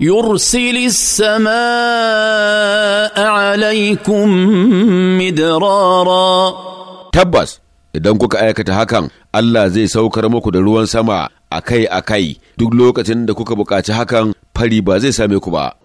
يرسل السماء عليكم مدرارا تبس idan kuka aikata hakan Allah zai saukar muku da ruwan sama akai-akai duk lokacin da kuka buƙaci hakan fari ba zai same ku ba